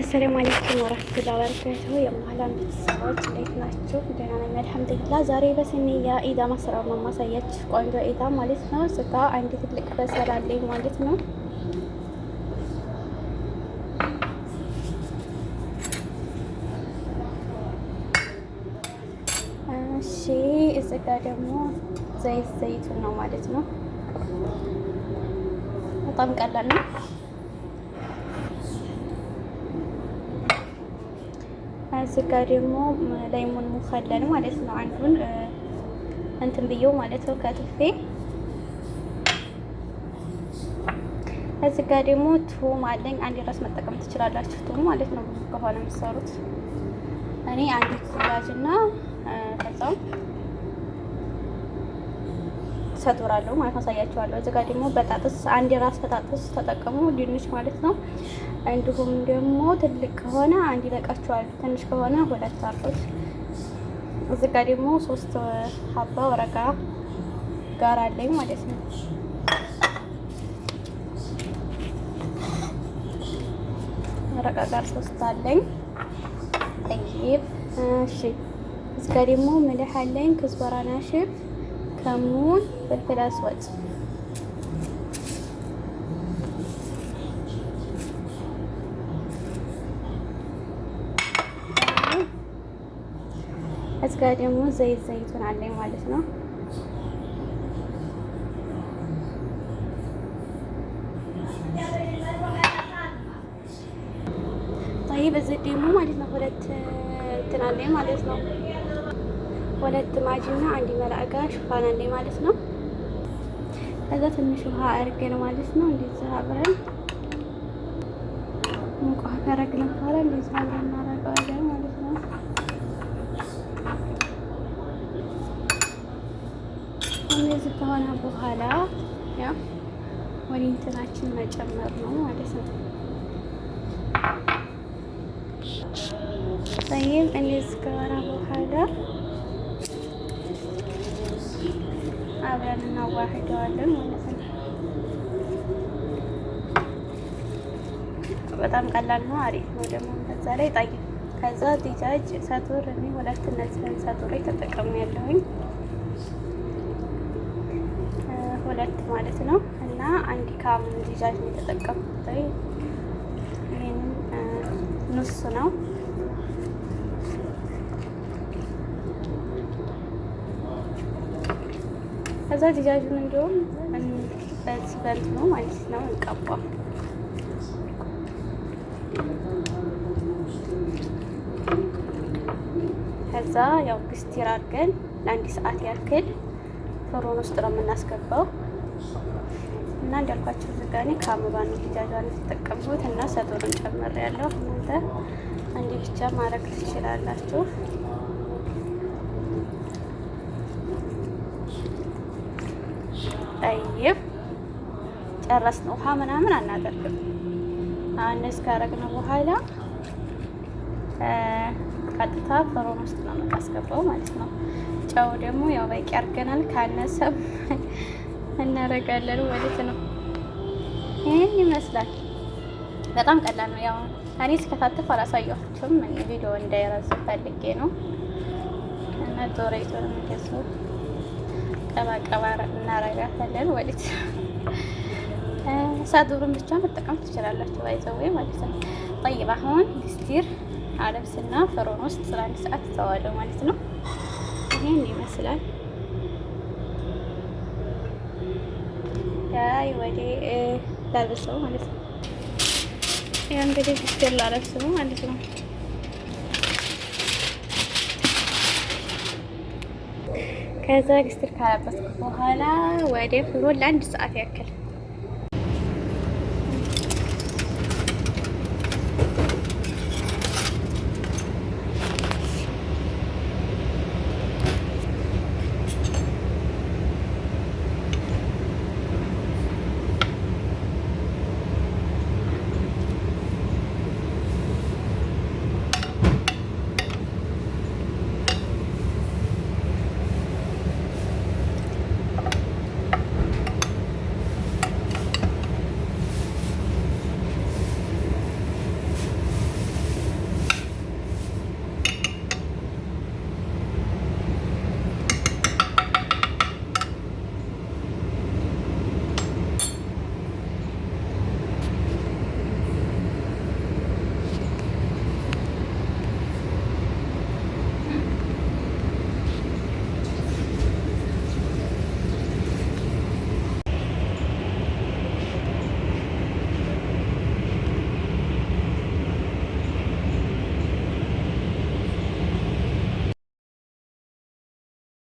አሰላሙ አለይኩም ወራህመቱላሂ ወበረካቱሁ። የማህላን ቤተሰቦች እንዴት ናቸው። ደህና ነኝ አልሐምዱሊላህ። ዛሬ በስኒ የኢዳም አሰራር ነው የማሳያች ቆንጆ ኢዳም ማለት ነው። ስጋ አንድ ትልቅ በሰል አለኝ ማለት ነው። እሺ እዚህ ጋር ደግሞ ዘይት ዘይቱን ነው ማለት ነው። በጣም ቀላል ነው። እዚህ ጋር ደግሞ ላይሙን ሙከለል ማለት ነው። አንዱን እንትን ብዬው ማለት ነው ከትፌ እዚህ ጋር ደግሞ ቱም አለኝ። አንድ ራስ መጠቀም ትችላላችሁ። ቱም ማለት ነው ብዙ ከሆነ የምትሰሩት። እኔ አንድ ስጋጅ እና ከዛም ሰቶራለሁ ማለት አሳያቸዋለሁ። እዚህ ጋር ደግሞ በጣጥስ አንድ የራስ በጣጥስ ተጠቀሙ ድንች ማለት ነው። እንዲሁም ደግሞ ትልቅ ከሆነ አንድ ይበቃቸዋል፣ ትንሽ ከሆነ ሁለት አርጡት። እዚህ ጋር ደግሞ ሶስት ሀባ ወረቃ ጋር አለኝ ማለት ነው። ወረቃ ጋር ሶስት አለኝ። ጠይብ እሺ። እዚህ ጋር ደግሞ ምልህ አለኝ ክዝበራና ሽብ ከሙን فلفل أسود እዚጋ ደግሞ ዘይት ዘይቱን አለኝ ማለት ነው። ይህ በዚህ ደግሞ ማለት ነው ሁለት እንትን አለኝ ማለት ነው። ሁለት እና አንድ መላእጋ ሽፋን አለኝ ማለት ነው። ከዛ ትንሽ ውሃ አድርገን ማለት ነው እንደዛ አብረን ሙቋ ከረግልን በኋላ እንደዛ አብረን እናደርገዋለን ማለት ነው። እንደዚህ ከሆነ በኋላ ያው ወደ እንትናችን መጨመር ነው ማለት ነው። ይህም እንደዚህ ከሆነ በኋላ አብረን እናዋህደዋለን ማለት ነው። በጣም ቀላል ነው። አሪፍ ነው ደግሞ በዛ ላይ ጣይ ከዛ ዲጃጅ ሳቱር እኔ ሁለት እነዚህን ሳቱር ያለሁኝ ሁለት ማለት ነው እና አንድ ካም ዲጃጅ የተጠቀምኩት። ይህን ንሱ ነው ከዛ ዲዛይኑን እንዲሁም በዚህ በንት ነው ማለት ነው እንቀባ ከዛ ያው ግስቲር አድርገን ለአንድ ሰዓት ያክል ፍሩን ውስጥ ነው የምናስገባው እና እንዳልኳቸው ዝጋኔ ከአበባ ነው ሂጃጇን የተጠቀምኩት እና ሰዶርን ጨምሬያለሁ እናንተ አንዴ ብቻ ማድረግ ትችላላችሁ ጠይብ ጨረስን። ውሃ ምናምን አናደርግም። እንደዚህ ካረግን በኋላ ቀጥታ ፍሮን ውስጥ ነው የምናስገባው ማለት ነው። ጨው ደግሞ ያው በቂ አድርገናል። ካነሰም እናረጋለን ማለት ነው። ይህን ይመስላል። በጣም ቀላል ነው። ያው እኔ ስከታተፍ አላሳየኋችሁም ቪዲዮ እንዳይረዝ ፈልጌ ነው እና ዶሬቶን ገሱ ቀባቀባ እናረጋታለን ማለት ነው። ሳዱሩን ብቻ መጠቀም ትችላላችሁ፣ ባይዘው ማለት ነው። ጠይብ አሁን ሚስቲር አለብስና ፍሮን ውስጥ ለአንድ ሰዓት ተዋለው ማለት ነው። ይሄን ይመስላል። ያይ ወዴ ላልብሰው ማለት ነው። ያ እንግዲህ ላለብስ ነው ማለት ነው። ከዛ ግስትር ካለበስኩ በኋላ ወደ ፍሮ ለአንድ ሰዓት ያክል